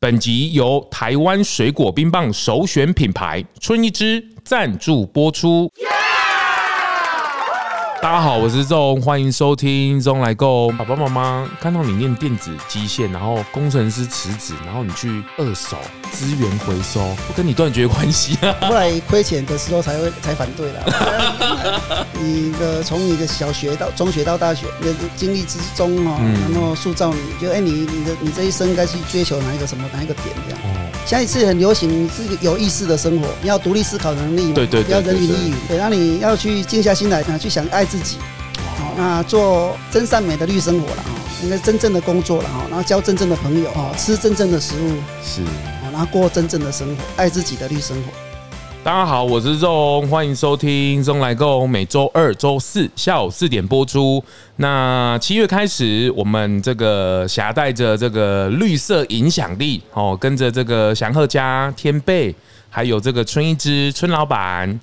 本集由台灣水果冰棒首選品牌春一枝贊助播出。大家好，我是鍾，歡迎收聽中來購。爸爸媽媽看到你念電子機械，然後工程師辭職，然後你去二手資源回收，不跟你斷絕關係啊。後來虧錢的時候才會才反對了。你的從你的小學到中學到大學，你的經歷之中哦、喔，然後塑造你就哎、欸，你你的你這一生該去追求哪一個什麼哪一個點這樣。哦下一次很流行是有意識的生活，你要獨立思考能力嘛，對對對、對、啊，不要人云亦云，對，那你要去靜下心來，去想愛自己，哦，那做真善美的綠生活了哦，應該真正的工作了哦，然後交真正的朋友哦，吃真正的食物是哦，然後過真正的生活，愛自己的綠生活。大家好，我是 ZONG，歡迎收聽《ZONG 嚨來共》，每周二、周四下午四點播出。那七月開始，我們這個攜帶着這個綠色影響力哦，跟着這個祥鶴家、天貝，還有這個春一枝春老板，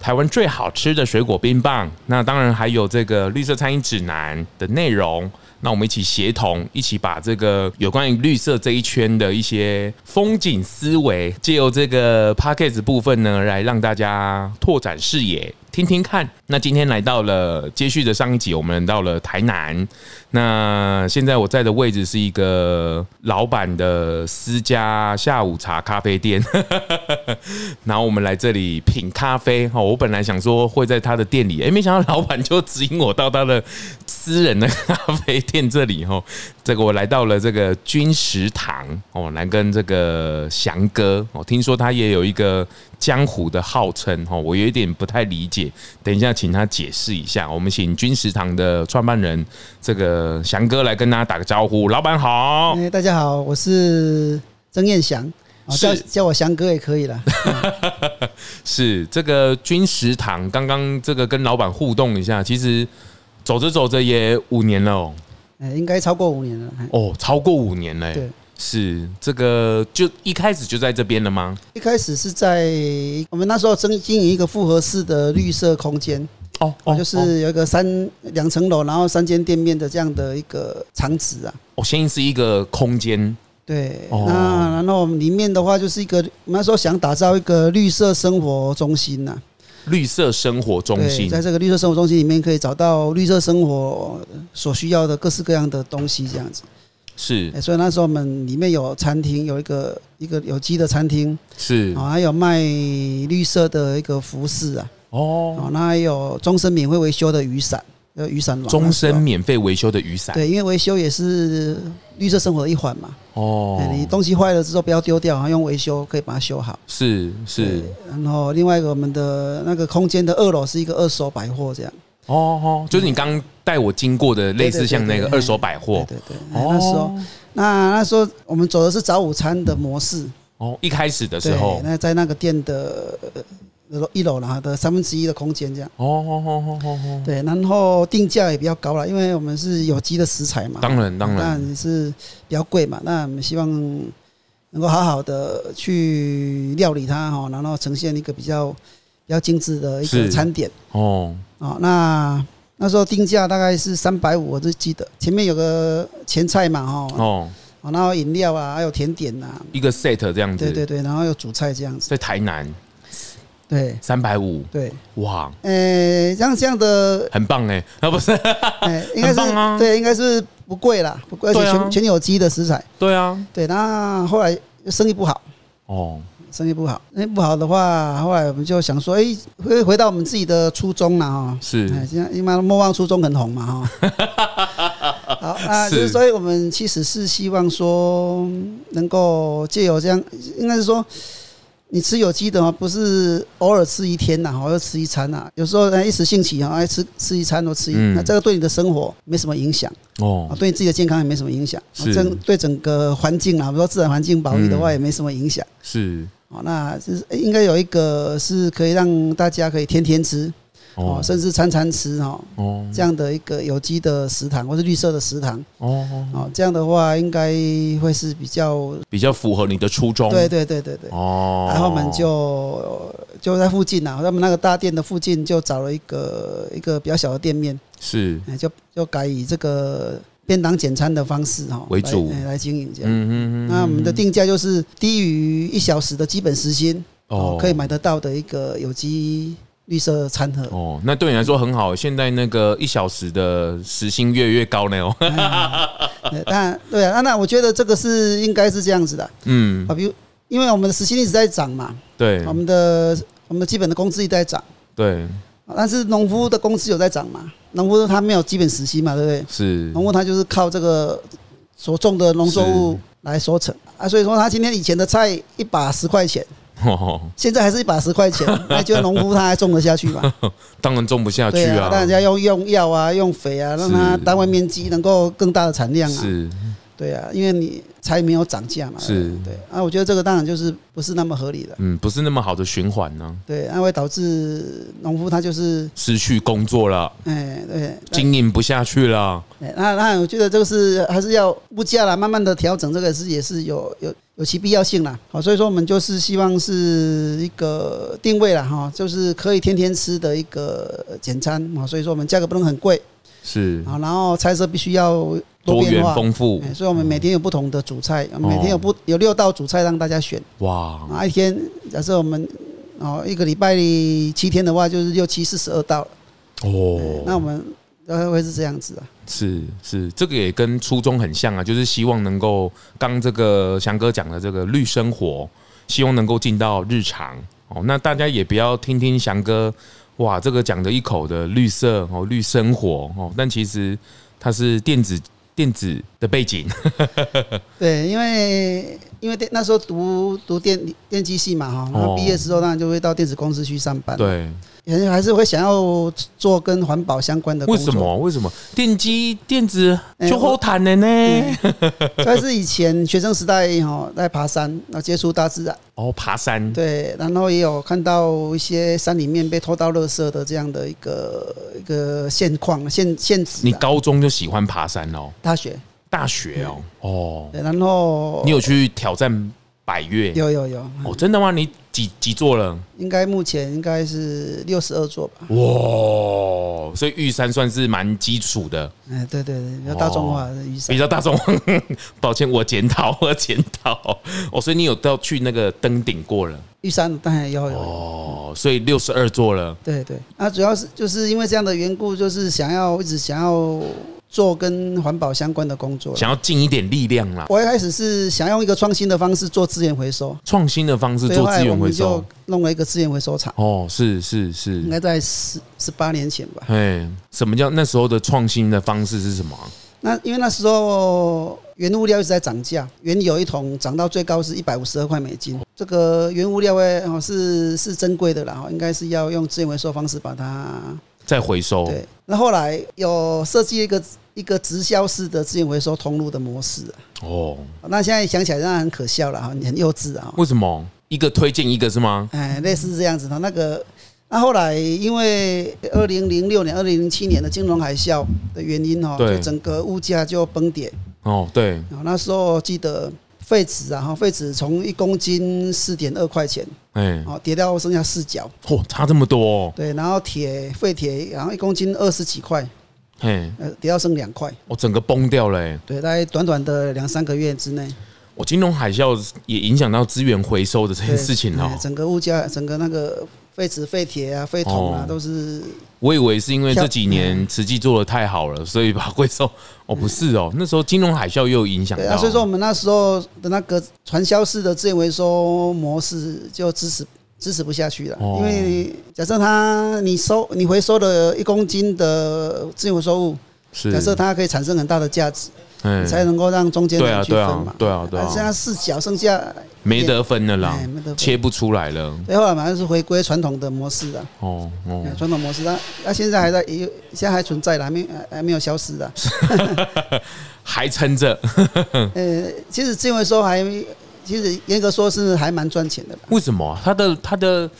台灣最好吃的水果冰棒。那當然還有這個綠色餐飲指南的內容。那我們一起協同，一起把這個有關於綠色這一圈的一些風景思維，借由這個 Podcast 部分呢，來讓大家拓展視野，聽聽看。那今天來到了接續的上一集，我們到了台南。那現在我在的位置是一個老板的私家下午茶咖啡店， 然後我們來這裡品咖啡。哈，我本來想說會在他的店裡，哎、欸，沒想到老板就指引我到他的。私人的咖啡店這裡哦，這個我來到了這個軍食堂哦，來跟這個翔哥哦，聽說他也有一個江湖的號稱哦。我有一點不太理解，等一下請他解釋一下。我們請軍食堂的創辦人這個翔哥來跟大家打個招呼，老板好，大家好，我是曾彥翔，叫叫我翔哥也可以了。是這個軍食堂，剛剛這個跟老板互動一下，其實。走着走着也五年了，喔，哎，應該超過五年了。哦，超過五年嘞，欸。對，是這個，就一開始就在這邊了嗎？一開始是在我們那時候正經營一個複合式的綠色空間，嗯，哦，哦，啊，就是有一個三兩層樓，然後三間店面的這樣的一個場址啊。哦，先是一個空間。對，哦，那然後裡面的話就是一個，我們那時候想打造一個綠色生活中心呢，啊。綠色生活中心，對，在這個綠色生活中心裡面，可以找到綠色生活所需要的各式各樣的東西，這樣子。是，所以那時候我們裡面有餐廳，有一個一個有機的餐廳，是，還有賣綠色的一個服飾啊，哦，那還有終身免費維修的雨傘。呃，雨傘終身免費維修的雨傘。對，因為維修也是綠色生活的一環嘛。哦，你東西壞了之後不要丟掉，然後用維修可以把它修好。是是。然後，另外一個我們的那個空間的二樓是一個二手百貨這樣。哦哦，就是你剛帶我經過的，類似像那個二手百貨。對對,對,對,對,對,對,對,對對。哦。對那時候那,那時候我們走的是早午餐的模式。嗯、哦，一開始的時候。那在那個店的。一樓啦的三分之一的空間這樣哦，對，然後定價也比較高啦，因為我們是有機的食材嘛，當然當然，是比較貴嘛。那我們希望能夠好好的去料理它哈，然後呈現一個比較比較精致的一個餐點哦哦。那那時候定價大概是三百五，我都記得前面有個前菜嘛哈哦，然後飲料啊，還有甜點吶，一個 set 這樣子，對對對，然後有主菜這樣子，在台南。對，三百五。對，哇、欸，這像這樣的，很棒哎、啊，那不是，應該是對，應該是不貴啦不貴，而且全、啊、全有機的食材。對啊，對，那後，後來生意不好哦，生意不好，那不好的話，後來我們就想說，哎、欸，會回，回到我們自己的初衷了哈、喔。是，欸、現在一般莫忘初衷很紅嘛哈。喔、 好，那就是，所以我們其實是希望說，能夠借由這樣，應該是說。你吃有機的話，不是偶爾吃一天吶、啊，要吃一餐吶、啊，有時候一時興起啊，吃吃一餐都吃一餐。一。那這個對你的生活沒什麼影響、哦、對你自己的健康也沒什麼影響。是，這對整個環境啊，比如說自然環境保育的話，也沒什麼影響。嗯、是，那是應該有一個是可以讓大家可以天天吃。哦、oh.，甚至餐餐吃哈、喔，這樣的一個有機的食堂或者綠色的食堂，哦哦，這樣的話應該會是比較比較符合你的初衷，對對對對對。哦，然後我們就就在附近啊，我們那個大店的附近就找了一個一個比較小的店面，是，就就改以這個便當簡餐的方式哈、喔、為主來經營這樣。嗯嗯嗯。那我們的定價就是低於一小時的基本時薪哦、喔，可以買得到的一個有機。綠色餐盒哦，那對你來說很好，嗯。現在那個一小時的時薪越越高了哦，啊啊。 那對啊，那我覺得這個是應該是這樣子的。嗯，啊，比如因為我們的時薪一直在漲嘛，對，我們的我們的基本的工資一直在漲，對。但是農夫的工資有在漲嘛？農夫他沒有基本時薪嘛，對不對？是，農夫他就是靠這個所種的農作物來收成啊，所以說他今天以前的菜一把十塊錢，現在還是一把十塊錢，那就農夫，他還種得下去吧？當然種不下去啊！但人家用用藥啊，用肥啊，讓它單位面積能夠更大的產量啊。對啊，因為你才沒有漲價嘛，是、嗯、對啊，我覺得這個當然就是不是那麼合理的，嗯，不是那麼好的循環呢，對，那會導致農夫他就是失去工作了，哎，對，經營不下去了，那那我覺得這個是還是要物價啦慢慢的調整，這個是也是有有有其必要性啦。好，所以說我們就是希望是一個定位了哈，就是可以天天吃的一個簡餐啊，所以說我們價格不能很貴。是啊，然後菜色必須要多元豐富，所以我們每天有不同的主菜，每天有不有六道主菜讓大家選哇。那一天假設我們哦一個禮拜七天的話，就是六七四十二道了哦。那我們呃會是這樣子啊，是是，這個也跟初衷很像啊，就是希望能夠剛這個翔哥講的這個綠生活，希望能夠進到日常哦。那大家也不要聽聽翔哥。哇，這個講的一口的綠色哦，綠生活哦，但其實它是電子電子的背景，對，因為因為那時候讀讀電電機系嘛哈，然後畢業之後當然就會到電子公司去上班，對。也還是會想要做跟環保相關的工作。工為什麼？為什麼？電機、電子，就、欸、好談了呢。但 是以前學生時代哈，在爬山，然後接觸大自然。哦，爬山。對，然後也有看到一些山裡面被拖到垃圾的這樣的一個一個現況、現現實。你高中就喜歡爬山哦？大學？大學哦，哦。然後你有去挑戰？百岳有有有、嗯、哦，真的嗎？你幾幾座了？應該目前應該是六十二座吧。哇、哦，所以玉山算是蠻基礎的。哎、嗯，對對對，比較大眾化的玉、哦、山，比較大眾化。 抱歉，我檢討，我檢討。哦，所以你有到去那個登頂過了？玉山當然要有哦，所以六十二座了、嗯。對對，那、啊、主要是就是因為這樣的緣故，就是想要一直想要。做跟環保相關的工作，想要盡一點力量啦。我一開始是想用一個創新的方式做資源回收，創新的方式做資源回收，弄了一個資源回收廠。哦，是是是，應該在十十八年前吧。哎，什麼叫那時候的創新的方式是什麼啊？那因為那時候原物料一直在漲價，原油一桶漲到最高是一百五十二塊美金。這個原物料哦是是珍貴的啦，應該是要用資源回收方式把它再回收。對，那後來有設計一個。一個直銷式的資源回收通路的模式哦、啊，那現在想起來真的很可笑了哈，你很幼稚啊。為什麼一個推薦一個是嗎？哎，類似這樣子的。那個，那後來因為二零零六年、二零零七年的金融海嘯的原因哦、啊，就整個物價就崩跌哦。對，那時候記得廢紙啊，然後廢紙從一公斤四點二塊錢，哎，哦，跌到剩下四角，嚯，差這麼多。對，然後鐵廢鐵，然後一公斤二十幾塊。嘿，呃，跌到剩兩塊，我、oh, 整個崩掉了。對，在短短的兩三個月之內，我、oh, 金融海嘯也影響到資源回收的這件事情哦。Hey, 整個物價，整個那個廢紙、廢鐵啊、廢銅啊，oh, 都是。我以為是因為這幾年慈濟做得太好了，所以把回收。哦、oh,，不是哦，那時候金融海嘯又影響到，hey, 所以說我們那時候的那個傳銷式的資源回收模式就支持。支持不下去了，哦、因為假設它你收你回收了一公斤的資源回收物，是假設它可以產生很大的價值，嗯、才能夠讓中間，對啊對啊對啊對啊，啊，現在四角剩下、yeah、沒得分了啦，切不出來了，最後反正是回歸傳統的模式了哦，哦，傳統模式、啊，那、啊、那現在還在，現在還存在了，還沒還沒有消失的 ，還撐着，呃，其實資源回收還。其實嚴格說，是還蠻賺錢的吧？為什麼？他的他的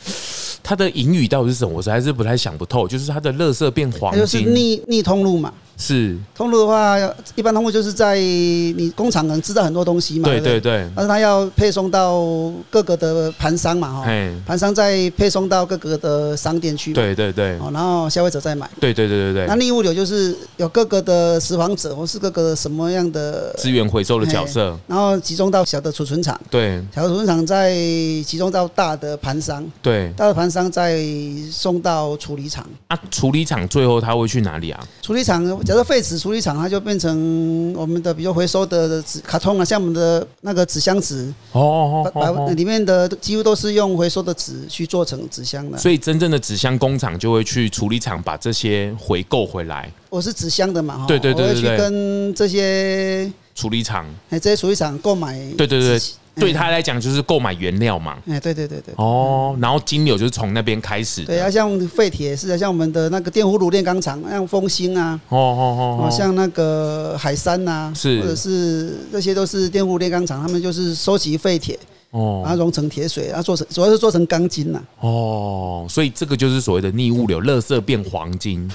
他的盈餘，到底是什麼？我還是不太想不透。就是他的垃圾變黃金，就是逆逆通路嘛。是通路的話，一般通路就是在你工廠能知道很多東西嘛，對對對，對對對，但是它要配送到各個的盤商嘛，哈，盤商再配送到各個的商店去，對對對，哦，然後消費者再買，對對對對對。那逆物流就是有各個的拾荒者或是各個什麼樣的資源回收的角色，然後集中到小的儲存廠，對，小的儲存廠再集中到大的盤商，對，大的盤商再送到處理廠，啊，處理廠最後他會去哪裡啊？處理廠。假如廢紙處理廠，它就變成我們的，比如回收的紙、卡通啊，像我們的那個紙箱子哦哦哦，裡面的幾乎都是用回收的紙去做成紙箱的。所以，真正的紙箱工廠就會去處理廠把這些回購回來。我是紙箱的嘛，對對對，對，我會去跟這些。處理廠，哎，這些處理廠購買，對對對，對他來講就是購買原料嘛。哎，對對對對，對。哦，然後金流、欸、就是從那邊開始的。啊，像廢鐵是的，像我們的那個電弧爐煉鋼廠，arrived. 像豐興啊，哦哦哦，像那個海山啊、oh，是、oh oh oh、或者是這些都是電弧煉鋼廠，他們就是收集廢鐵，哦，然後熔成鐵水，然後做成主要是做成鋼筋吶。哦，所以這個就是所謂的逆物流，垃圾變黃金。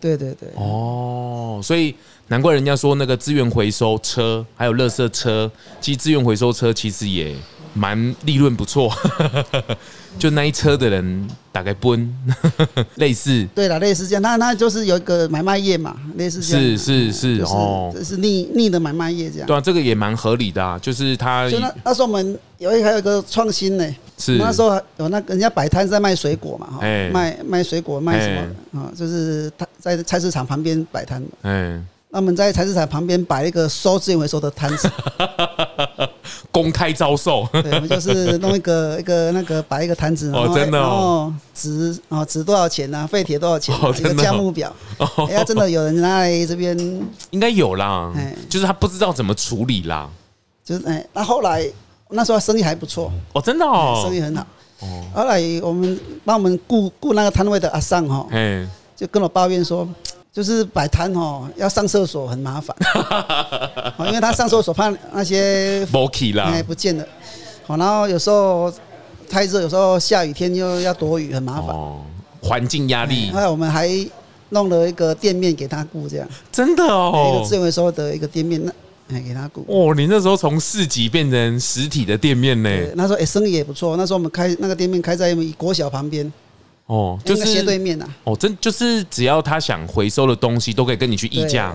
對對對。哦，所以。難怪人家說那個資源回收車，還有垃圾車，其實資源回收車其實也蠻利潤不錯， 就那一車的人大概奔，類似對，對啦類似這樣，那那就是有一個買賣業嘛，類似這樣，是是是，嗯就是、哦，這、就是逆逆的買賣業這樣。對啊，這個也蠻合理的啊，就是他那，那時候我們有一還有一個創新呢，是那時候有那個人家擺攤在賣水果嘛哈，欸，賣賣水果賣什麼啊、欸？嗯？就是他在菜市場旁邊擺攤。欸那我們在菜市場旁邊擺一個收資源回收的攤子 公開招售。對，我們就是弄一個一個那個擺一個攤子，然後、oh 欸真的哦、然後值哦值多少錢呢？廢鐵多少錢、啊？這個價目表、oh。哦、欸，要、啊、真的有人在這邊、oh，應該有啦。 就是他不知道怎麼處理啦。就是哎、欸，那後來那時候他生意還不錯哦，真的哦，生意很好、oh。後來我們幫我們顧顧那個攤位的阿桑哈，哎，就跟我抱怨說。就是擺攤哦，要上廁所很麻煩，好，因為他上廁所怕那些不見了，好，然後有時候太熱，有時候下雨天又要躲雨，很麻煩，哦。環境壓力。哎，我們還弄了一個店面給他顧，這樣真的哦。支個智慧說的一個店面，那給他顧。哦，你那時候從市集變成實體的店面呢？那時候哎生意也不錯，那時候我們開那個店面開在國小旁邊。哦，就是斜對面吶、啊。哦，真就是只要他想回收的東西，都可以跟你去議價。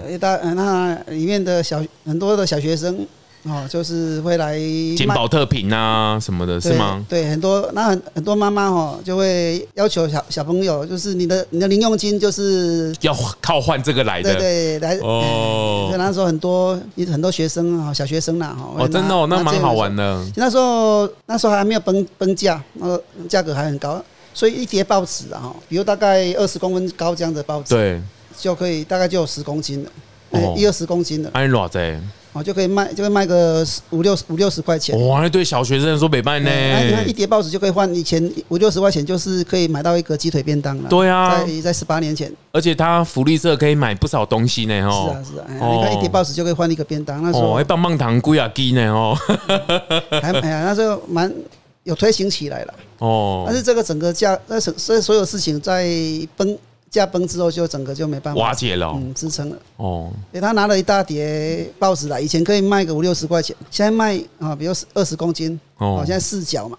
那裡面的小很多的小學生哦，就是會來撿寶特瓶啊什麼的，是嗎？對，很多那很很多媽媽哦，就會要求小小朋友，就是你的你的零用金就是要靠換這個來的。對對、對，來哦。欸、那時候很多很多學生啊，小學生吶，哦，真的哦，那蠻好玩的。那時候那時候還沒有崩崩價，那個價格還很高。所以一疊報紙啊，比如大概二十公分高這樣的報紙，對，就可以大概就有十公斤了，一二十公斤了，哎呀，哇塞，哦，就可以賣，就賣，哦，嗯，啊、就可以賣個五六五六十塊錢，哇，對小學生說沒賣呢。你看一疊報紙就可以換以前五六十塊錢，就是可以買到一個雞腿便當了。對啊，在十八年前，而且它福利社可以買不少東西呢，哈，是啊是啊，啊哦，你看一疊報紙就可以換一個便當，哦，那時候，哦，那棒棒糖貴啊，貴呢，哦，還買啊，那時候蠻。有推行起來了哦，但是這個整個價，那所所以所有事情在崩價崩之後，就整個就沒辦法瓦、嗯、解了，嗯，支撐了哦。給他拿了一大疊報紙來，以前可以賣個五六十塊錢，現在賣啊，比如二十公斤哦，現在四角嘛，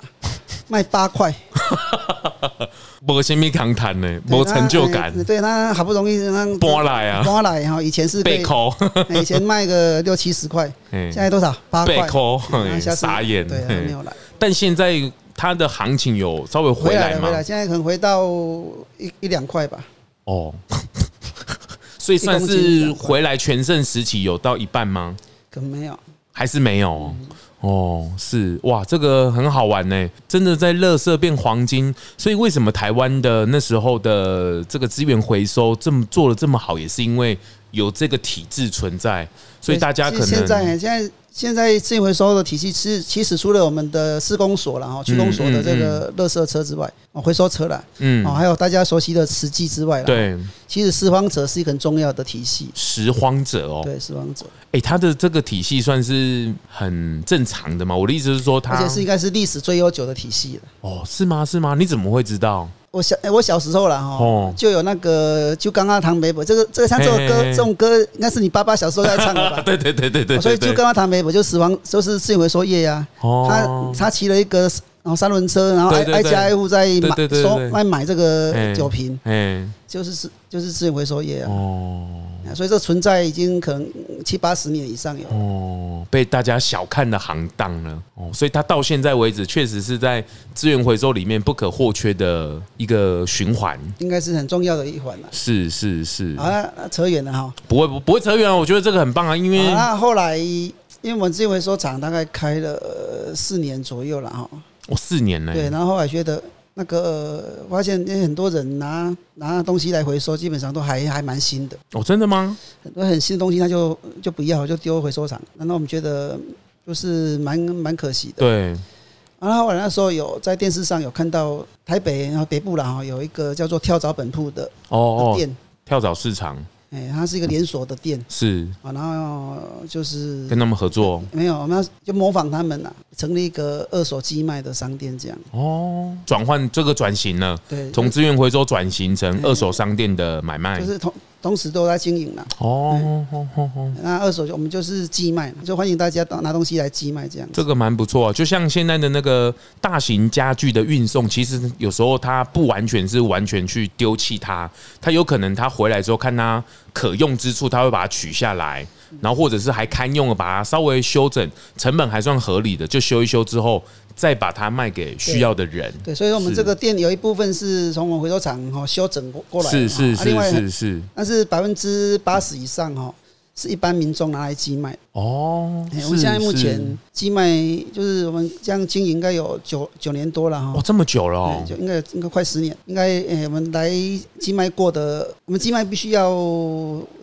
賣八塊，哈哈哈。哈沒什咪敢談嘞，沒成就感。對，他好不容易搬來啊，搬來然，以前是被扣，以前賣個六七十塊，現在多少，八塊，被扣傻眼，對，沒有來但現在它的行情有稍微回來嗎？回來了，回來了，現在可能回到一一兩塊吧。哦、oh, 所以算是回來全盛時期有到一半嗎？可沒有，還是沒有。哦、嗯，oh, 是哇，這個很好玩呢。真的在垃圾變黃金，所以為什麼台灣的那時候的這個資源回收這麼做的這麼好，也是因為有這個體制存在，所以大家可能現在現在。現在這回收的體系是，其實除了我們的施工所然哈，區公所的這個垃圾車之外，哦，回收車啦嗯，還有大家熟悉的慈濟之外，對，其實拾荒者是一個很重要的體系對對。拾荒者哦，對，拾荒者，欸，哎，他的這個體系算是很正常的嗎？我的意思是說，他而且是應該是歷史最悠久的體系了。哦，是嗎？是嗎？你怎麼會知道？我小、欸、我小時候了哈，就有那個，酒矸倘賣無，這個這個像這種歌，hey, hey, hey. 這種歌應該是你爸爸小時候在唱的吧， 對對對對對，對。所以就剛剛倘賣無就死亡，就是資源回收業呀、啊 oh. 他他騎了一個然後三輪車，然後挨，對對對挨家挨戶在買對對對對收賣買，買這個酒瓶，hey, hey. 就是是就是資源回收業啊。Oh. 所以這存在已經可能七八十年以上有哦，被大家小看的行當了哦，所以它到現在為止確實是在資源回收裡面不可或缺的一個循環，應該是很重要的一環了。是是是，啊，扯遠了哈，不會不會扯遠，我覺得這個很棒啊，因為那後來因為我們資源回收廠大概開了四年左右了哈，我四年呢，對，然後後來覺得。那個、呃、發現，那很多人拿拿東西來回收，基本上都還還蠻新的哦，真的嗎？很多很新的東西，他就就不要，就丟回收場。那我們覺得就是蠻蠻可惜的。對。然後我那時候有在電視上有看到台北，然後北部，然後有一個叫做跳蚤本鋪的店哦店，哦，跳蚤市場。它是一個連鎖的店，是然後就是跟他們合作，沒有，我們要就模仿他們了啊，成立一個二手寄賣的商店，這樣哦，轉換這個轉型呢，對，從資源回收轉型成二手商店的買賣，就是從。同時都在經營了哦，那二手就我們就是寄賣，就歡迎大家拿東西來寄賣，這樣這個蠻不錯啊。就像現在的那個大型家具的運送，其實有時候它不完全是完全去丟棄它，它有可能它回來之後看它可用之處，它會把它取下來，然後或者是還堪用的，把它稍微修整，成本還算合理的，就修一修之後。再把它賣給需要的人對。對，所以說我們這個店有一部分是從我們回收廠哈修整過來的，是是是、啊、另外是，是，是，但是百分之八十以上哦。是一般民眾拿來寄賣哦。我們現在目前寄賣就是我們這樣經營，應該有九九年多了哈。哦，這麼久了，哦應該應該快十年。應該誒，我們來寄賣過的，我們寄賣必須要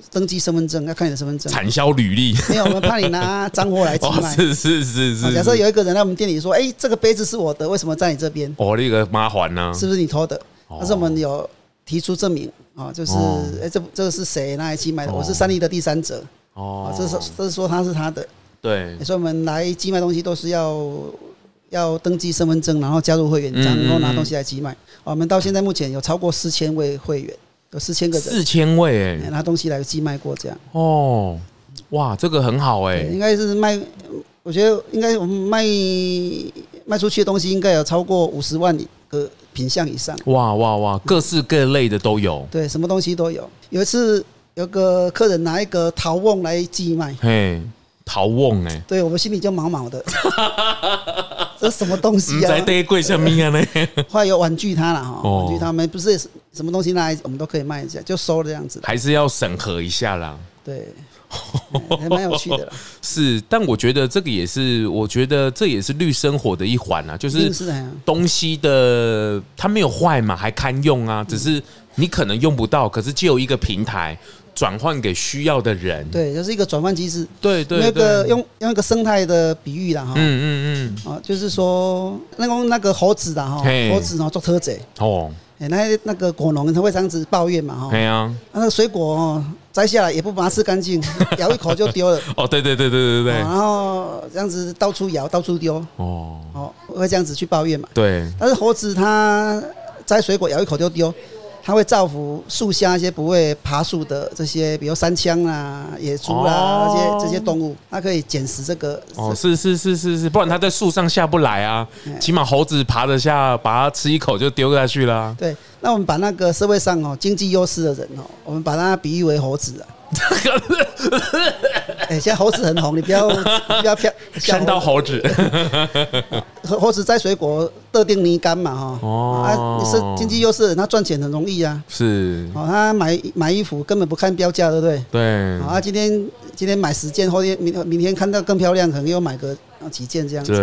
登記身份證，要看你的身份證。產銷履歷。沒有，我們怕你拿髒貨來寄賣。是是是是。假設有一個人來我們店裡說：“哎，這個杯子是我的，為什麼在你這邊？”我那個麻煩呢？是不是你偷的？但是我們有。提出證明啊，就是哎、哦欸，這這個是誰？那一期賣的？哦、我是三立的第三者。哦，這是這是說他是他的。對，所以我們來寄賣東西都是要要登記身份證，然後加入會員，然後拿東西來寄賣。嗯嗯嗯，我們到現在目前有超過四千位會員，有四千個人。四千位哎、欸，拿東西來寄賣過這樣。哦，哇，這個很好哎、欸，應該是賣，我覺得應該我們賣賣出去的東西應該有超過五十萬個。品相以上，哇哇哇，各式各類的都有，嗯。對，什麼東西都有。有一次有個客人拿一個陶甕來寄賣，哎，陶甕哎、欸，對我們心裡就毛毛的， 這什麼東西啊？在櫃上面呢，還、呃、有婉拒他了哈，婉拒他們，不是什麼東西拿來我們都可以賣一下，就收這樣子，還是要審核一下啦。對。還蠻有趣的，喔，是，但我覺得這個也是，我覺得這也是綠生活的一環啊，就是東西的它沒有壞嘛，還堪用啊，只是你可能用不到，可是藉由一個平台轉換給需要的人，對，就是一個轉換機制，對對對，用用一個生態的比喻了哈，嗯嗯嗯，就是說那個那個猴子的哈，猴子然後做偷賊哦，那那個果農他會這樣子抱怨嘛哈，對啊，那個水果，喔。摘下來也不把它吃乾淨，咬一口就丟了。 哦，對對對對對對，對、哦、然後這樣子到處咬，到處丟。哦，哦，會這樣子去抱怨嘛？對。但是猴子它摘水果咬一口就丟，它會造福樹下一些不會爬樹的這些，比如山羌啦、野豬啦，哦、這些這些動物，它可以撿食這個。哦是，是是是是是，不然它在樹上下不來啊。起碼猴子爬得下，把它吃一口就丟下去啦、啊。對。那我們把那個社會上哦經濟優勢的人哦，我們把它比喻為猴子啊、欸。現在猴子很紅，你不要你不要猴子，猴子， 猴子摘水果特定泥幹嘛哈？哦、啊，你是經濟優勢的人，他賺錢很容易啊。是。他、啊、買，買衣服根本不看標價，對不對？對。啊今，今天今天買十件，後天明，明天看到更漂亮，可能又買個。幾件這樣子，對，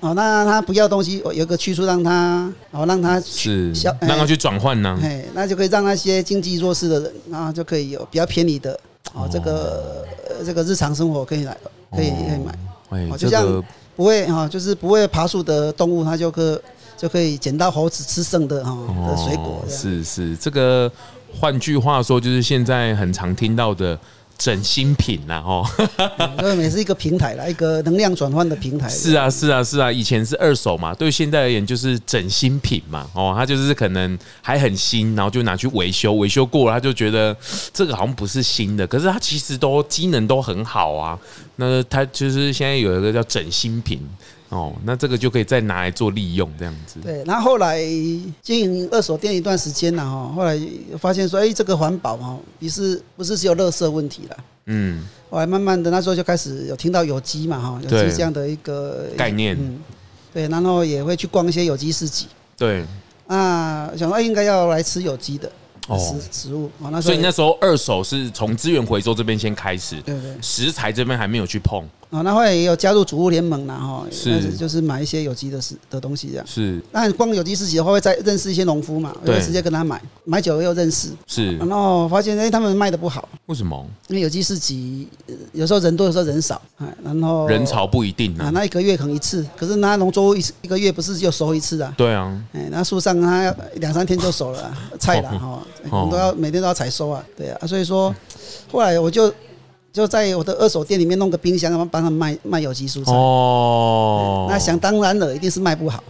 哦，那他不要東西，我有個去處讓他，哦，讓他是，讓他去轉換呢，嘿，那就可以讓那些經濟弱勢的人，然後就可以有比較便宜的，哦，這個、哦呃、這個日常生活可以來，可以、哦、可以買，哦，就像不會哈、哦，就是不會爬樹的動物，它就可就可以撿到猴子吃剩的哈、哦哦、的水果，是是，這個換句話說就是現在很常聽到的。整新品吶，哦，這也是一個平台啦，一個能量轉換的平台。是啊，是啊，是啊，啊、以前是二手嘛，對現在而言就是整新品嘛，哦，他就是可能還很新，然後就拿去維修，維修過了他就覺得這個好像不是新的，可是他其實都機能都很好啊。那他就是現在有一個叫整新品。哦，那這個就可以再拿來做利用，這樣子。對，然後後來經營二手店一段時間了哈，後來發現說，哎、欸，這個環保嘛，於是不是只有垃圾問題了？嗯，後來慢慢的那時候就開始有聽到有機嘛哈，有機這樣的一個、嗯、概念。嗯，對，然後也會去逛一些有機市集。對，啊，想說、欸、應該要來吃有機的食、哦、食物。哦，那所以那時候二手是從資源回收這邊先開始，對對對，食材這邊還沒有去碰。然那後來也有加入主婦聯盟了哈，開始就是買一些有機的食的東西這樣。是，那光有機市集的話，會再認識一些農夫嘛，會直接跟他買，買久了又認識。是，然後發現哎，他們賣的不好。為什麼？因為有機市集有時候人多有時候人少，哎，然後人潮不一定啊。那一個月可能一次，可是那農作物一一個月不是就收一次啊？對啊，那樹上它要兩三天就熟了啦菜了哈，都要每天都要採收啊，對啊。所以說後來我就。就在我的二手店裡面弄個冰箱，然後幫他們賣賣有機蔬菜。哦、oh.，那想當然了，一定是賣不好。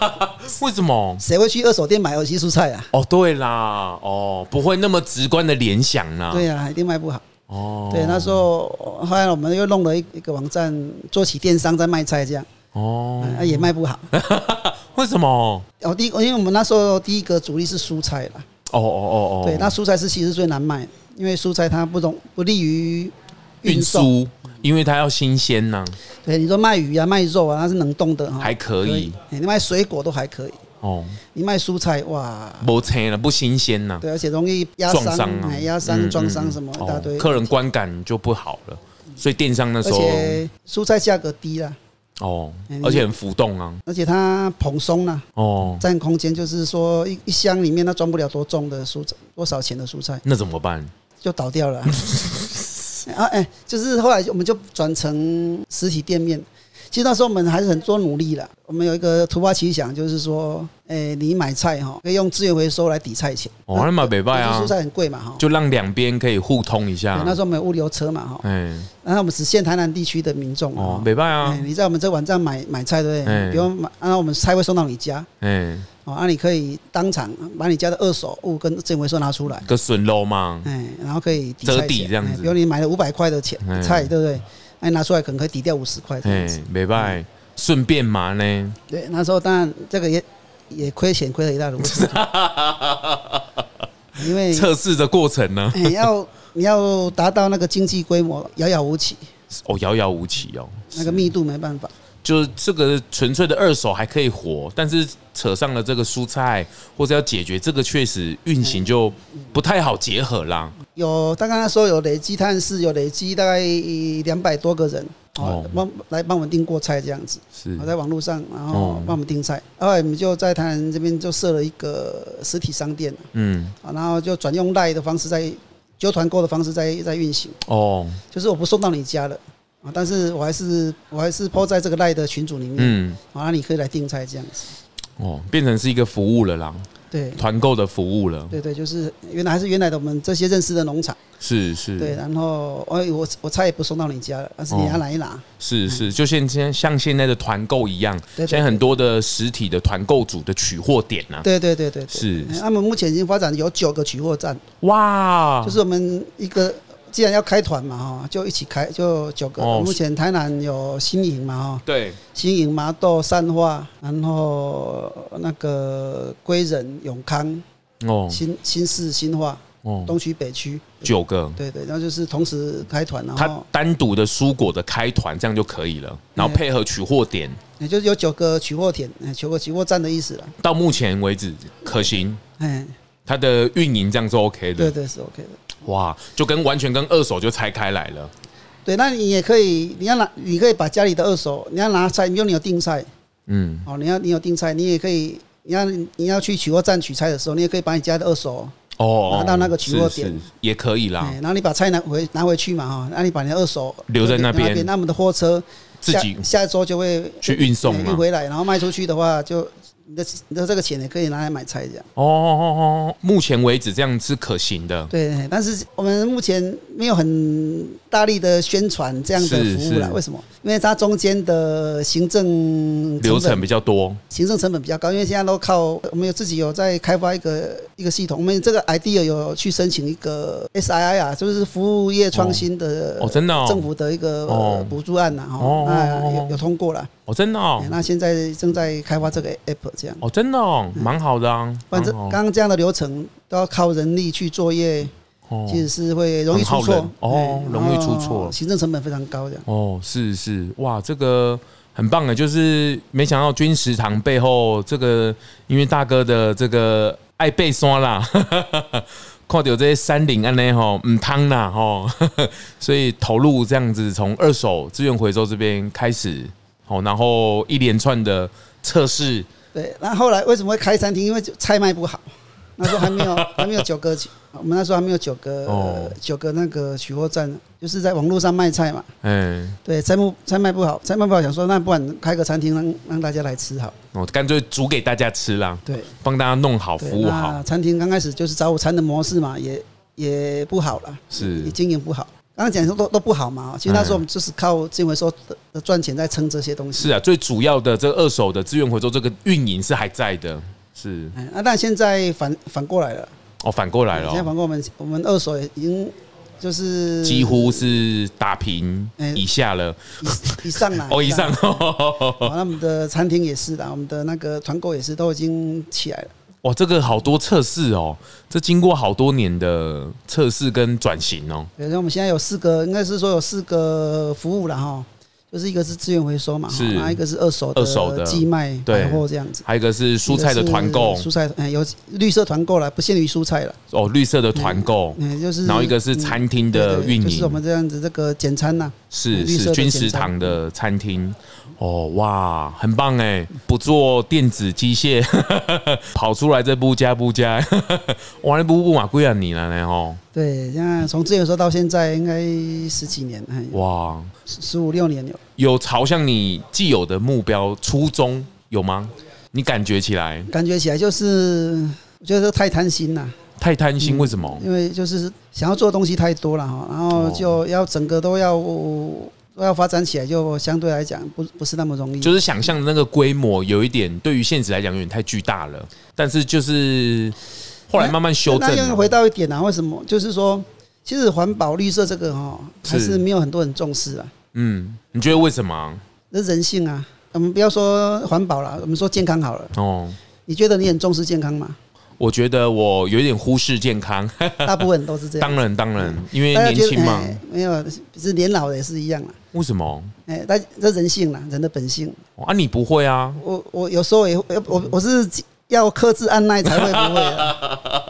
為什麼？誰會去二手店買有機蔬菜啊？哦、oh,，對啦，哦、oh,，不會那麼直觀的聯想呢、啊。對啊，一定賣不好。哦、oh.，對，那時候後來我們又弄了一一個網站，做起電商在賣菜，這樣。哦、oh. 啊，也賣不好。 為什麼？第因為我們那時候第一個主力是蔬菜啦。哦哦哦哦，對，那蔬菜是其實最難賣，因為蔬菜它不容不利於。運輸，因為它要新鮮吶、啊。對，你說賣魚啊、賣肉啊，它是冷凍的還可以，可以。你賣水果都還可以哦，你賣蔬菜哇，沒錢了，不新鮮吶。對，而且容易壓傷，壓傷、撞傷、啊哎嗯、什麼、哦、客人觀感就不好了、嗯。所以電商那時候，而且蔬菜價格低了哦，而且很浮動啊，而且它蓬鬆了哦，佔空間，就是說一箱裡面它裝不了多重的蔬菜，多少錢的蔬菜？那怎麼辦？就倒掉了、啊。 啊，哎、欸，就是後來我們就轉成實體店面。其實那時候我們還是很多努力了，我們有一個突發奇想，就是說，誒，你買菜哈、喔，可以用資源回收來抵菜錢。我買北拜啊，蔬菜很貴嘛，哈。就讓兩邊可以互通一下。那時候我們有物流車嘛，哈。嗯。然後我們只限台南地區的民眾哦，北拜啊，你在我們這網站買買菜，對不對？比如買，然後我們菜會送到你家。嗯。哦，那你可以當場把你家的二手物跟資源回收拿出來。跟筍肉嘛，誒，然後可以折抵這樣子。比如你買了五百塊的錢菜，對不對？哎，拿出來可能可以抵掉五十塊。哎，沒辦法，順便嘛呢。對，那時候當然這個也也虧錢，虧了一大堆。因為測試的過程呢、欸，你要你要達到那個經濟規模，遙遙無期。哦，遙遙無期哦，那個密度沒辦法。就是這個純粹的二手還可以活，但是扯上了這個蔬菜，或者要解決這個，確實運行就不太好結合啦。有，他剛剛說有累積探視，有累積大概兩百多個人、oh. 哦，幫來幫我們訂過菜這樣子。是我在網絡上，然後幫我們訂菜。Oh. 後來我們就在台南這邊就設了一個實體商店，嗯、oh.，然後就轉用 LINE 的方式，在就團購的方式在在運行。哦、oh.，就是我不送到你家了。但是我還是我還是 po 在這個賴的群組裡面，好、嗯，那、啊、你可以來訂菜這樣子。哦，變成是一個服務了啦，對，團購的服務了。對，對對，就是原來還是原來的我們這些認識的農場。是是。對，然後、哎、我我菜也不送到你家了，而是你要來一拿。哦、是是，就像現在像現在的團購一樣、嗯對對對對對，現在很多的實體的團購組的取貨點吶、啊。對對對，對對對對，是他、嗯啊、們目前已經發展有九個取貨站。哇，就是我們一個。既然要開團嘛，哈，就一起開，就九個、哦。目前台南有新營嘛，哈，對，新營、麻豆、善化，然後那個歸仁、永康，哦，新新市、新化，哦，東區、北區，九個，對，對對，然後就是同時開團，然後它單獨的蔬果的開團這樣就可以了，然後配合取貨點，也、欸、就是有九個取貨點，九、欸、個取貨站的意思了。到目前為止可行，哎、欸，它的運營這樣是 OK 的，對，對對是 OK 的。哇，就跟完全跟二手就拆開來了。對，那你也可以，你要拿，你可以把家裡的二手，你要拿菜，因為你有你有訂菜，嗯，哦，你要你有訂菜，你也可以，你要你要去取貨站取菜的時候，你也可以把你家的二手哦拿到那個取貨點、哦、也可以啦對。然後你把菜拿回拿回去嘛哈、哦，那你把你的二手留在那邊，那我們的貨車自己下一週就會去運送運回來，然後賣出去的話就。你的你的這個錢也可以拿來買菜這樣哦哦哦，目前為止這樣是可行的。對，但是我們目前沒有很大力的宣傳這樣的服務了。為什麼？因為它中間的行政流程比較多，行政成本比較高。因為現在都靠我們有自己有在開發一個一個系統，我們這個 idea 有去申請一個 S I I 啊，就是服務業創新的哦，真的政府的一個補助案呢，那有有通過了哦，真的，哦，那，哦，哦，真的哦。那現在正在開發這個 app。這樣哦，真的蠻、哦嗯、好的、啊。反正剛剛這樣的流程都要靠人力去作業，其實是會容易、哦、出錯哦，容易出錯，行政成本非常高。的哦，是是哇，這個很棒的、欸，就是沒想到軍食堂背後這個，因為大哥的這個愛背山啦，靠着這些山林安呢哈，嗯湯啦哈，所以投入這樣子從二手資源回收這邊開始哦，然後一連串的測試。對，那後來為什麼會開餐廳？因為菜賣不好，那時候還沒有 還沒有九哥，我們那時候還沒有九哥、哦呃、九哥那個取貨站，就是在網絡上賣菜嘛。嗯、哎，對，菜賣不好，菜賣不好，想說那不然開個餐廳，讓讓大家來吃好。我、哦、乾脆煮給大家吃啦。對，幫大家弄好服務好。餐廳剛開始就是早午餐的模式嘛，也也不好了，是也經營不好。剛剛講說都都不好嘛，其實那時候我們就是靠，資源回收的賺錢在撐這些東西、嗯。是啊，最主要的這個二手的資源回收這個運營是還在的是、嗯，是、啊。那但現在反反過來了。哦，反過來了、哦。現在反過我們我們二手已經就是幾乎是打平以下了、欸以，以上了哦， 以上、oh, 以上。 那我們的餐廳也是的，我們的那個團購也是都已經起來了。哇，這個好多測試哦，這經過好多年的測試跟轉型哦、喔。對，我們現在有四個，應該是說有四個服務了哈，就是一個是資源回收嘛，是。還有一個是二手二手的寄賣、對貨這樣子。還有一個是蔬菜的團購，蔬菜哎，有綠色團購啦，不限於蔬菜了。哦，綠色的團購，嗯，就是，然後一個是餐廳的運營，就是我們這樣子這個簡餐吶。是是軍食堂的餐廳哦，哇，很棒哎、欸！不做電子機械，哈哈哈跑出來再無家無家 這部加不加？哇，不不嘛，貴啊你了呢！吼，對，那從這個時候到現在應該十幾年了、欸，喔、哇，十五六年了，有有朝向你既有的目標初衷有嗎？你感覺起來？感覺起來就是就是太貪心了。太貪心、嗯，為什麼？因為就是想要做的東西太多了哈，然後就要整個都要都要發展起來，就相對來講不不是那麼容易。就是想象的那個規模有一點，對於現實來講有點太巨大了。但是就是後來慢慢修正了、嗯那。那又回到一點啊，為什麼？就是說，其實環保綠色這個哈，還是沒有很多人重視啊。嗯，你覺得為什麼？那、嗯、人性啊，我們不要說環保了，我們說健康好了。哦，你覺得你很重視健康嗎？我覺得我有點忽視健康，大部分都是這樣。 當然當然，因為年輕嘛，欸，沒有是年老的也是一樣了。為什麼？哎，欸，但這人性嘛，人的本性。啊，你不會啊？我我有時候也我我是要克制按捺才會不會。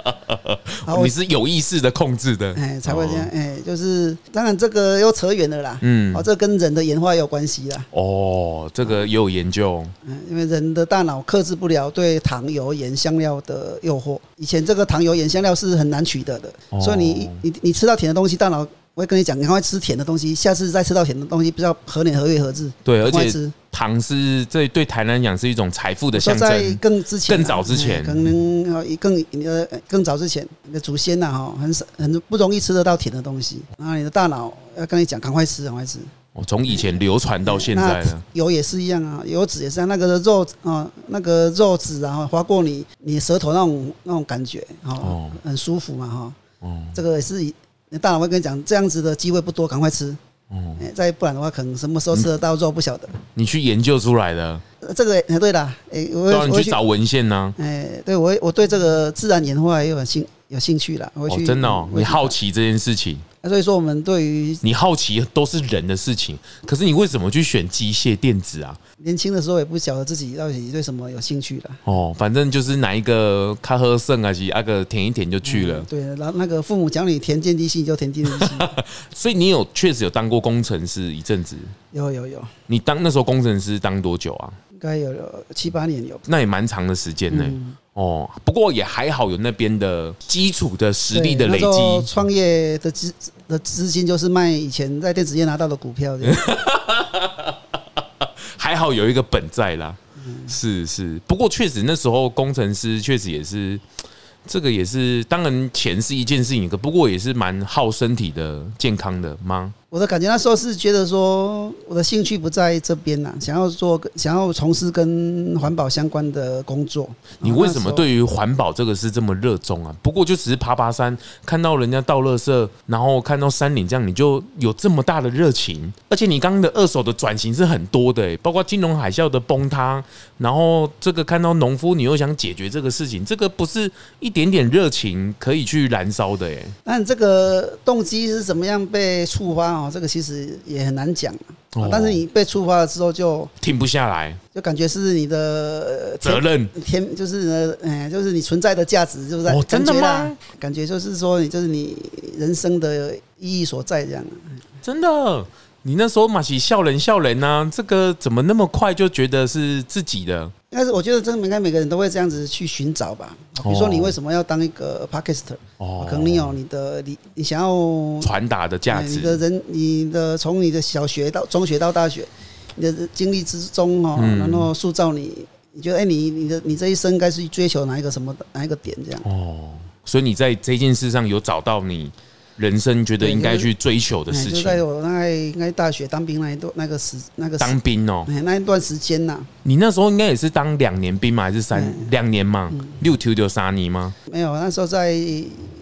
你是有意識的控制的，哎、欸，才會這樣，哎、哦欸，就是當然這個又扯遠了啦，嗯，哦，這跟人的演化也有關係啦，哦，這個也有研究，嗯，因為人的大腦克制不了對糖、油、鹽、香料的誘惑，以前這個糖、油、鹽、香料是很難取得的，哦、所以你你你吃到甜的東西，大腦。我會跟你講，趕快吃甜的東西。下次再吃到甜的東西，不知道何年何月何日。對，而且糖是這對台南講是一種財富的象徵。在更之前、啊，早之前，可能更呃更早之前，你、嗯、的祖先吶、啊、哈很少很不容易吃得到甜的東西。然那你的大腦要跟你講，趕快吃，趕快吃。我、哦、從以前流傳到現在油也是一樣啊，油脂也是那個肉啊，那個肉質，然、哦、後、那個啊、滑過你你舌頭那種那種感覺，然、哦哦、很舒服嘛哈、哦。哦，這個也是。那大人會跟你講，這樣子的機會不多，趕快吃。嗯，再不然的話，可能什麼時候吃得到肉不曉得。你去研究出來的？這個也、欸、對的。哎、欸，我會當然我會去，你去找文獻呢、啊。哎、欸，對，我我對這個自然演化也有興有興趣了。我去、哦、真的、哦去，你好奇這件事情。所以說，我們對於你好奇都是人的事情，可是你為什麼去選機械電子啊？年輕的時候也不曉得自己到底對什麼有興趣了。哦，反正就是哪一個卡喝聖啊，是那個填一填就去了。嗯、對了，然後那個父母講你填電機系就填電機系。 所以你有確實有當過工程師一陣子。有有有。你當那時候工程師當多久啊？應該有，有七八年有。那也蠻長的時間呢、欸嗯。哦，不過也還好有那邊的基礎的實力的累積。創業的基的資金就是賣以前在電子業拿到的股票， 還好有一個本在啦。是是，不過確實那時候工程師確實也是，這個也是當然錢是一件事情，可不過也是蠻耗身體的健康的嗎？我的感覺那時候是覺得說，我的興趣不在這邊吶，想要做，想要從事跟環保相關的工作，啊。你為什麼對於環保這個是這麼熱衷啊？不過就只是爬爬山，看到人家倒垃圾，然後看到山嶺這樣，你就有這麼大的熱情？而且你剛剛的二手的轉型是很多的，欸，包括金融海嘯的崩塌，然後這個看到農夫，你又想解決這個事情，這個不是一點點熱情可以去燃燒的哎，欸。那你這個動機是怎麼樣被觸發？哦，這個其實也很難講、啊，但是你被觸發了之後就停、哦、不下來，就感覺是你的責任，責任天就是呢，哎、嗯，就是你存在的價值，就是在、哦、真的嗎？感覺就是說，你就是你人生的意義所在，這樣、啊。真的，你那時候嘛，起笑人笑人呢，這個怎麼那麼快就覺得是自己的？應該是我覺得真的應該每個人都會這樣子去尋找吧。比如說你為什麼要當一個 Podcaster？哦，可能你有你的你你想要傳達的價值。你的人，你的從你的小學到中學到大學，你的經歷之中哦、喔，然後塑造你。嗯、你覺得哎、欸，你你的你這一生應該是追求哪一個什麼哪一個點這樣？哦，所以你在這件事上有找到你。人生覺得應該去追求的事情，在我那應該大學當兵那一段那個時那個當兵哦，那一段時間呐、啊。你那時候應該也是當兩年兵嘛，還是三兩年嘛？嗯、六條就殺你嗎？沒有，那時候在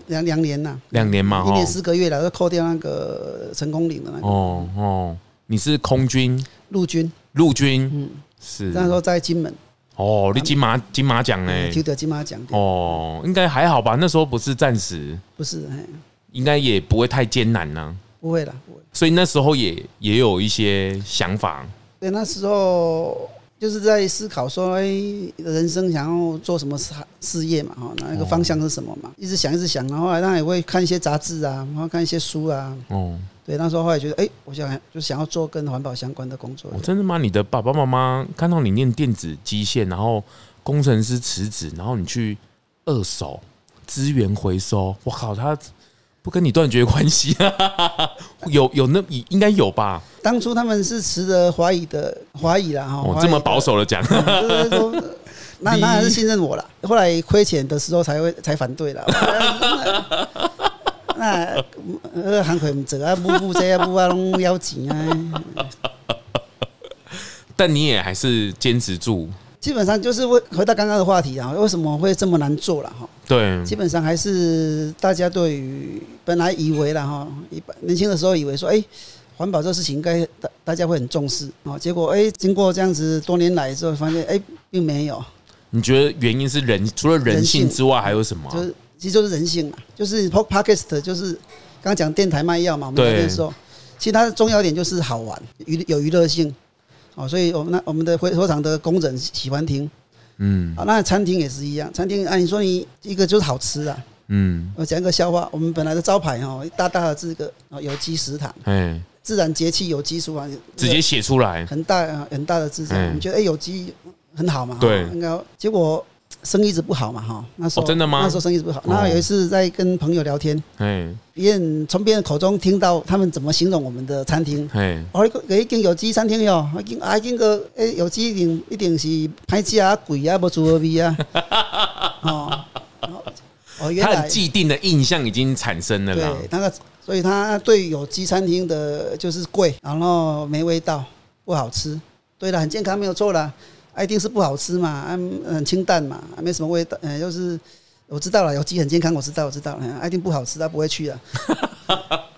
兩兩年吶、啊，兩年嘛，一年四個月了，就扣掉那個成功嶺的那個、哦哦，你是空軍陸軍陸軍嗯是那時候在金門哦，你金馬金馬獎呢？金馬獎哦，應該還好吧？那時候不是暫時不是嘿應該也不會太艱難呢、啊，不會了。所以那時候也也有一些想法。對，那時候就是在思考說，哎、欸，人生想要做什麼事事業嘛？哈，那一個方向是什麼嘛？哦、一直想，一直想的話，然後後來那也會看一些雜誌啊，然後看一些書啊。哦，對，那時候後來覺得，哎、欸，我想就想要做跟環保相關的工作、哦。真的嗎？你的爸爸媽媽看到你念電子機械，然後工程師辭職，然後你去二手資源回收，我靠，他。不跟你斷絕關係，啊，有有那應該有吧？當初他們是持着懷疑的懷疑啦，我這麼保守的講，那那還是信任我了。後來虧錢的時候才會才反對了。那呃，行虧啊，啊要錢啊。但你也還是堅持住。基本上就是回回到剛剛的話題啊，為什麼會這麼難做了哈？對，基本上還是大家對於本來以為了哈，年輕的時候以為說，哎、欸，環保這個事情應該大大家會很重視啊，結果哎、欸，經過這樣子多年來之後，發現哎、欸，並沒有。你覺得原因是人除了人性之外還有什麼？就是其實就是人性嘛，就是 Podcast 就是剛講電台賣藥嘛，我們前面說，其實它的重要點就是好玩，娛有娛樂性。哦，所以我們那我們的回收廠的工人喜歡聽，嗯，啊，那餐廳也是一樣，餐廳啊，你說你一個就是好吃啊，嗯，我講一個笑話，我們本來的招牌哈，大大的這個有機食堂，哎，自然節氣有機廚房，直接寫出來，很大很大的字，你覺得哎有機很好嘛？對，應該結果。生意一直不好嘛，哈，那時候、哦、真的嗎？那時候生意不好。那有一次在跟朋友聊天，別、哦、人從別人口中聽到他們怎麼形容我們的餐廳，哎，我、喔、一有一間、啊、有機餐廳喲，我經還誒，有機一定一定是還吃啊貴啊，不足煮味啊，哦、 喔喔，原來他既定的印象已經產生了啦。對，那個所以他對有機餐廳的就是貴，然後沒味道，不好吃。對了，很健康，沒有錯啦。愛丁是不好吃嘛？嗯，很清淡嘛，沒什麼味道。嗯、就，是我知道了，有機很健康，我知道，我知道了。愛丁不好吃，他不會去的、啊。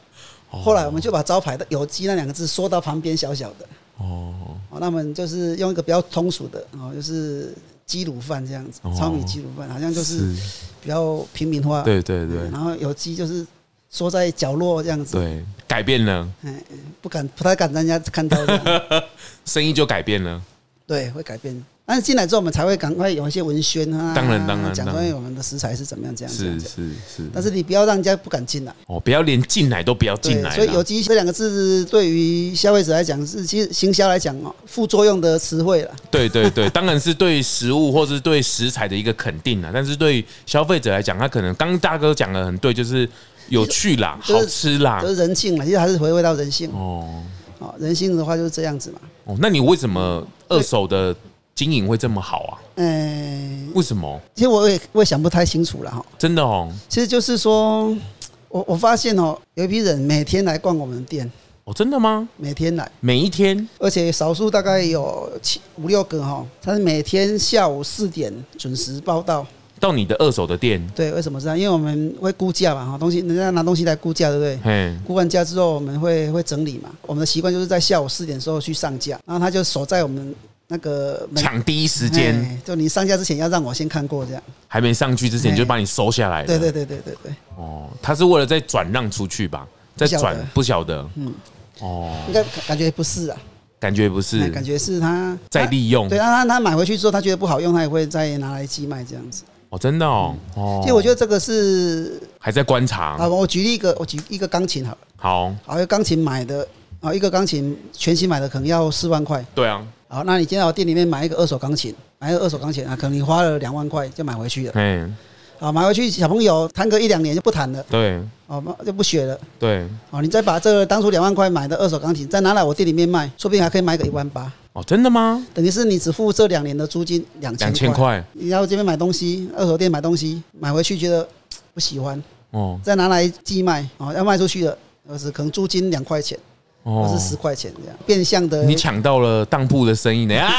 後來我們就把招牌的“有機”那兩個字縮到旁邊小小的。哦，那我們就是用一個比較通俗的，哦，就是雞滷飯這樣子，糙米雞滷飯，好像就是比較平民化。對對對，對。然後有機就是縮在角落這樣子。對，改變了。嗯，不敢，不太敢讓人家看到。 生意就改變了。對，會改變。但是進來之後，我們才會趕快有一些文宣啊，當然當然，講關於我們的食材是怎麼樣，這樣講。是是是。但是你不要讓人家不敢進來哦，不要連進來都不要進來。所以“有機”這兩個字，對於消費者來講是其實行銷來講哦，副作用的詞彙了。對對對， 當然是對食物或是對食材的一個肯定了。但是對消費者來講，他可能剛剛大哥講的很對，就是有趣啦、就是，好吃啦，就是人性嘛，其實還是回味到人性哦。哦，人性的話就是這樣子嘛。哦，那你為什麼？二手的經營會這麼好啊？嗯、欸，為什麼？其實我也我也想不太清楚了哈。真的哦？其實就是說，我我發現哦、喔，有一批人每天來逛我們店哦。真的嗎？每天來，每一天，而且少數大概有七五六個哈、喔，他是每天下午四點準時報到。到你的二手的店，對，為什麼這樣？因為我們會估價嘛，哈，東西人家拿東西來估價，對不對？Hey, 估完價之後，我們會會整理嘛。我們的習慣就是在下午四點的時候去上架，然後他就守在我們那個門，搶第一時間，hey, 就你上架之前要讓我先看過，這樣還沒上去之前就把你收下來。Hey, 對對對對對對。哦，他是為了再轉讓出去吧？再轉，不曉得，不曉得。嗯。哦。應該感覺不是啊。感覺不是，嗯，感覺是他在利用。對，他他他買回去之後，他覺得不好用，他也會再拿來寄賣這樣子。哦，真的哦。嗯，其實我覺得這個是還在觀察。好，啊，我舉例一個，我舉一個鋼琴好了。好，哦，好，一個鋼琴買的啊，一個鋼琴全新買的可能要四萬塊。對啊，好，那你今天在我店裡面買一個二手鋼琴，買一個二手鋼琴啊，可能你花了兩萬塊就買回去了。嗯。啊，買回去小朋友彈個一兩年就不彈了，對，哦，就不學了，對，哦，你再把這個當初兩萬塊買的二手鋼琴再拿來我店裡面賣，說不定還可以賣個一萬八。哦，真的嗎？等於是你只付這兩年的租金兩千塊。兩千塊。你要我這邊買東西，二手店買東西，買回去覺得不喜歡，哦，再拿來寄賣，哦，要賣出去了，而是可能租金兩塊錢，哦，或是十塊錢這樣變相的。你搶到了當鋪的生意呢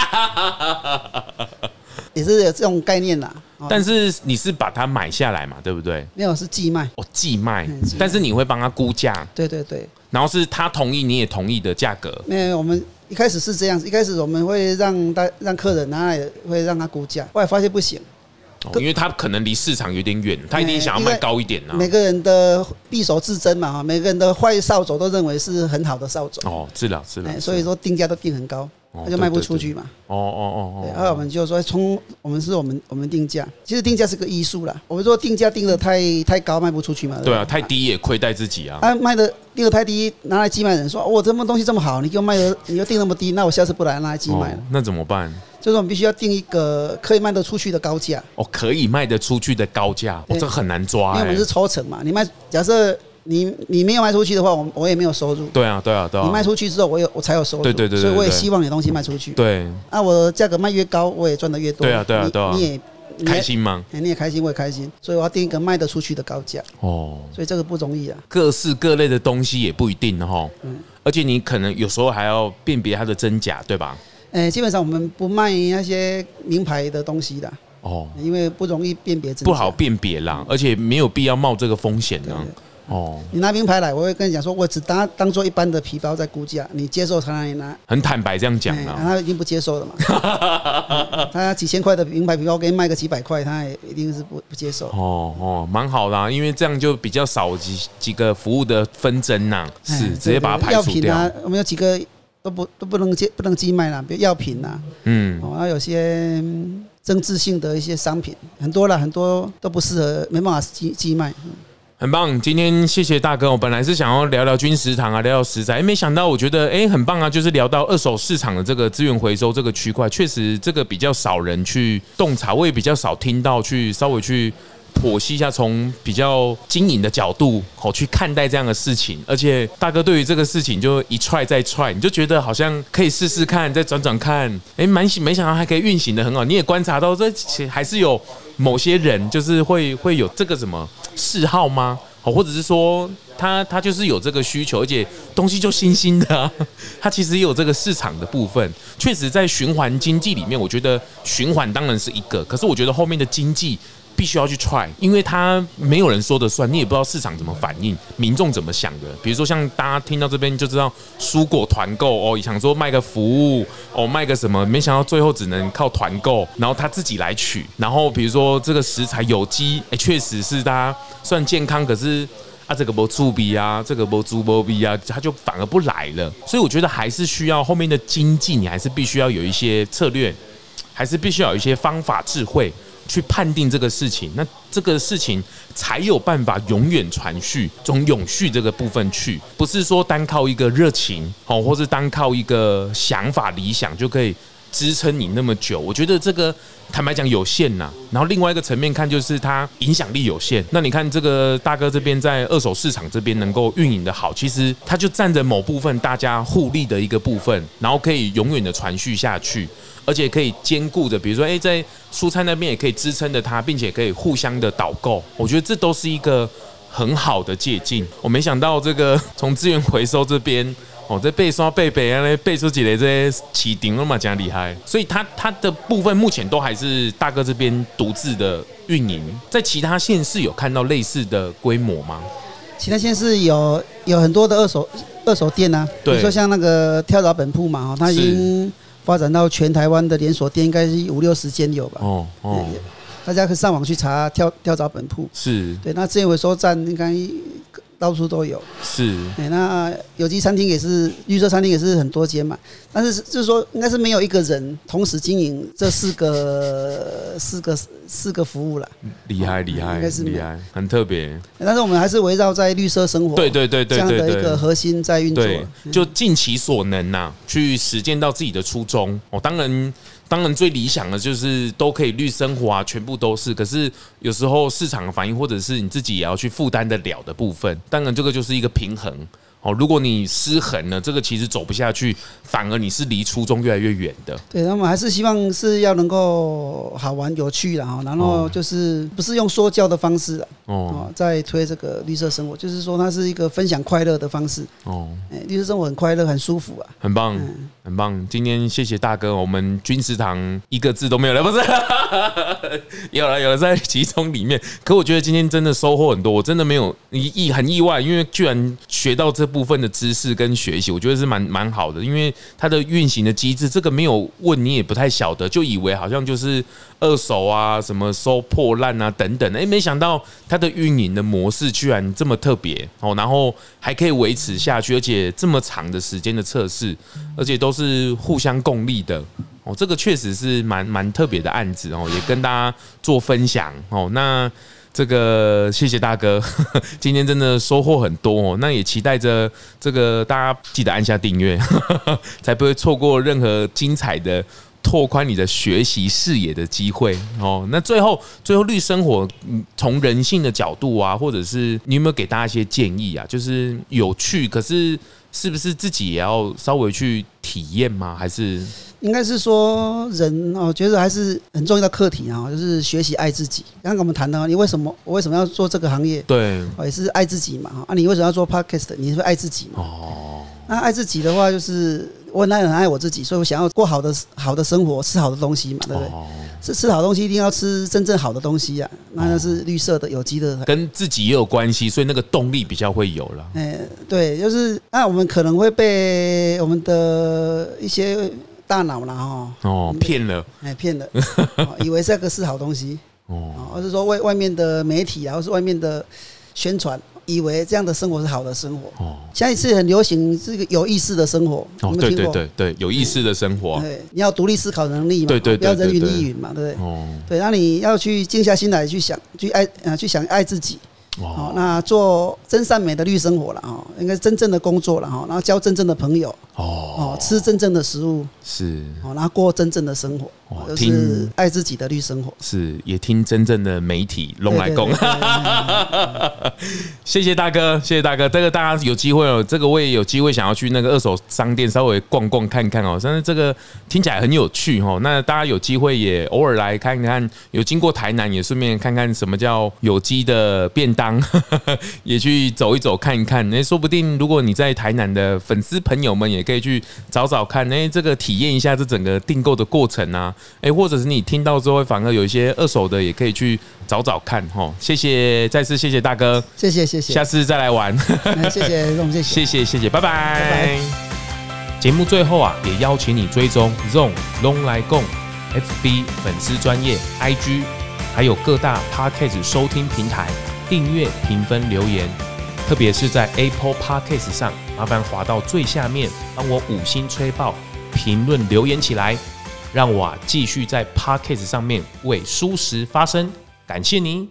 也是有這種概念啦。但是你是把它買下來嘛，對不對？沒有，是寄賣。哦，寄賣、嗯，但是你會幫他估價。對對對，然後是他同意，你也同意的價格。沒有，我們一開始是這樣子，一開始我們會讓大讓客人，然後也會讓他估價。後來發現不行、哦，因為他可能離市場有點遠，他一定想要賣高一點呢、啊。每個人的敝帚自珍嘛，每個人的壞掃帚都認為是很好的掃帚。哦，知了知了、了，所以說定價都定很高。哦、他就賣不出去嘛，對對對對對。哦哦哦哦，哦，哦。那我們就說，從我們是我們我們定價，其實定價是個藝術啦。我們說定價定的太太高，賣不出去嘛。對，對啊，太低也虧待自己啊。啊，賣的定的太低，拿來寄賣人說，我、哦、這麼、個、東西這麼好，你又賣的，你又定那麼低，那我下次不來拿來寄賣了、哦，那怎麼辦？就是我們必須要定一個可以賣得出去的高價。哦，可以賣得出去的高價，我、哦、這個、很難抓、欸，因為我們是抽成嘛。你賣，假設。你你沒有賣出去的話，我我也沒有收入。對啊對啊對啊！你賣出去之後，我有我才有收入。對對對,對,對,對所以我也希望你的東西賣出去。對。那、啊、我價格賣越高，我也賺得越多。對啊對啊你對啊！你也,你也開心嗎？哎、欸，你也開心，我也開心。所以我要定一個賣得出去的高價。哦。所以這個不容易啊。各式各類的東西也不一定哦。嗯。而且你可能有時候還要辨別它的真假，對吧？呃、欸，基本上我們不賣那些名牌的東西的。哦。因為不容易辨別真假不好辨別啦、嗯，而且沒有必要冒這個風險呢。對對哦、oh.，你拿名牌來，我會跟你講說，我只當當做一般的皮包在估價，你接受他，那你拿，很坦白這樣講了、啊。他已經不接受了嘛？ 嗯、他幾千塊的名牌皮包，我給你賣個幾百塊，他也一定是不不接受。哦哦，蠻好啦，因為這樣就比較少幾幾個服務的紛爭啦。是，直接把它排除掉。對對對，藥品啊，我們有幾個都不都不能接不能寄賣了，比如藥品啊。嗯，然、哦、後有些政治性的一些商品，很多了很多都不適合，沒辦法寄寄賣。嗯很棒，今天謝謝大哥。我本來是想要聊聊軍食堂啊，聊聊食材，欸，沒想到我覺得誒、欸，很棒啊，就是聊到二手市場的這個資源回收這個區塊，確實這個比較少人去洞察，我也比較少聽到去稍微去剖析一下，從比較經營的角度好，喔、去看待這樣的事情。而且大哥對於這個事情就一踹再踹，你就覺得好像可以試試看，再轉轉看，誒、欸，蠻喜沒想到還可以運行得很好。你也觀察到這其實還是有。某些人就是會會有這個什麼嗜好嗎？好，或者是說他他就是有這個需求，而且東西就新新的，啊，他其實也有這個市場的部分。確實，在循環經濟裡面，我覺得循環當然是一個，可是我覺得後面的經濟。必須要去踹，因為他沒有人說的算，你也不知道市場怎麼反應，民眾怎麼想的。比如說像大家聽到這邊就知道，蔬果團購哦，想說賣個服務哦，賣個什麼，沒想到最後只能靠團購，然後他自己來取。然後比如說這個食材有機，哎、欸，確實是大家算健康，可是啊，這個不觸比啊，這個不豬波比啊，他就反而不來了。所以我覺得還是需要後面的經濟，你還是必須要有一些策略，還是必須要有一些方法智慧。去判定這個事情，那這個事情才有辦法永遠傳續，從永續這個部分去，不是說單靠一個熱情，好，或是單靠一個想法、理想，就可以。支撐你那麼久，我覺得這個坦白講有限吶、啊。然後另外一個層面看，就是它影響力有限。那你看這個大哥這邊在二手市場這邊能夠運營得好，其實他就占着某部分大家互利的一個部分，然後可以永遠的傳續下去，而且可以兼顧着，比如說誒、欸，在蔬菜那邊也可以支撐着它，並且可以互相的導購。我覺得這都是一個很好的借鏡。我沒想到這個從資源回收這邊。哦，在背刷背背，然那背出幾類這些起頂了嘛，講厲害。所以它，它它的部分目前都還是大哥這邊獨自的運營。在其他縣市有看到類似的規模嗎？其他縣市有有很多的二手二手店啊，對，比如說像那個跳蚤本鋪嘛，哈，它已經發展到全台灣的連鎖店，應該是五六十間有吧？哦哦，大家可以上網去查跳跳蚤本鋪，是對。那資源回收站，應該到處都有，是。哎，那有機餐廳也是，綠色餐廳也是很多間嘛。但是就是說，應該是沒有一個人同時經營這四個、 四個、四個服務啦。厲害，厲害，應該是厲害，很特別。但是我們還是圍繞在綠色生活，對對對，對這樣的一個核心在運作對對對對對，就盡其所能吶、啊，去實踐到自己的初衷。哦，當然。當然，最理想的就是都可以綠生活啊，全部都是。可是有時候市場的反應，或者是你自己也要去負擔得了的部分，當然這個就是一個平衡。哦，如果你失衡了，這個其實走不下去，反而你是離初衷越來越遠的。對，那我們還是希望是要能夠好玩有趣了哈，然後就是不是用說教的方式哦，在推這個綠色生活，就是說它是一個分享快樂的方式哦，哎，綠色生活很快樂，很舒服啊，很棒，很棒。今天謝謝大哥，我們軍食堂一個字都沒有了，不是，有了有了，在其中裡面。可我覺得今天真的收穫很多，我真的沒有意很意外，因為居然學到這部。部分的知識跟學習，我覺得是蠻蠻好的，因為它的運行的機制，這個沒有問你也不太曉得，就以為好像就是二手啊、什麼收破爛啊等等，誒，沒想到它的運營的模式居然這麼特別哦，然後還可以維持下去，而且這麼長的時間的測試，而且都是互相共利的哦，這個確實是蠻蠻特別的案子哦，也跟大家做分享哦，那。這個謝謝大哥，今天真的收穫很多哦。那也期待着這個，大家記得按下訂閱，才不會錯過任何精彩的、拓寬你的學習視野的機會哦。那最後，最後綠生活從人性的角度啊，或者是你有沒有給大家一些建議啊？就是有趣，可是。是不是自己也要稍微去體驗嗎？還是應該是說，人哦？覺得還是很重要的課題啊，就是學習愛自己。剛剛我們談到，你為什麼我為什麼要做這個行業，對，也是愛自己嘛。啊，你為什麼要做 Podcast？你是愛自己嘛？哦。那愛自己的話，就是我很愛很愛我自己，所以我想要過好的好的生活，吃好的東西嘛，對不對？Oh. 吃吃好的東西一定要吃真正好的東西啊，那那是綠色的、有機的。Oh. 跟自己也有關係，所以那個動力比較會有了。哎、欸，對，就是那我們可能會被我們的一些大腦然後，哦騙了，哎、欸、騙了， 以為是這個是好東西哦，而、oh. 是說外外面的媒體，或是外面的宣傳。以為這樣的生活是好的生活哦，下一次很流行這個有意識的、哦、的生活對對對對，有意識的生活，對，你要獨立思考能力嘛，對對對對哦、不要人云亦云嘛，對不對、哦、對？那你要去靜下心來去想，去愛呃，去想愛自己哦，哦，那做真善美的綠生活了哈、哦，應該是真正的工作了哈、哦，然後交真正的朋友哦，哦，吃真正的食物是、哦，然後過真正的生活。哦，聽是愛自己的綠生活是也聽真正的媒體嚨來共，對對對對 謝謝大哥，謝謝大哥，這個大家有機會哦、喔，這個我也有機會想要去那個二手商店稍微逛逛看看哦、喔，但是這個聽起來很有趣哦、喔。那大家有機會也偶爾來看一看，有經過台南也順便看看什麼叫有機的便當， 也去走一走看一看，那、欸、說不定如果你在台南的粉絲朋友們也可以去找找看，哎、欸，這個體驗一下這整個訂購的過程啊。哎、欸，或者是你聽到之後，反而有一些二手的也可以去找找看齁。謝謝，再次謝謝大哥，謝謝謝謝，下次再來玩。來謝謝 謝謝謝謝謝，謝拜拜拜拜。節目最後啊，也邀請你追蹤 ZONG 嚨來共 fb 粉絲專業 ig，還有各大 podcast 收聽平台訂閱評分留言，特別是在 apple podcast 上，麻煩滑到最下面，幫我五星吹爆，評論留言起來。讓我、啊、繼續在 Podcast 上面為蔬食發聲，感謝您。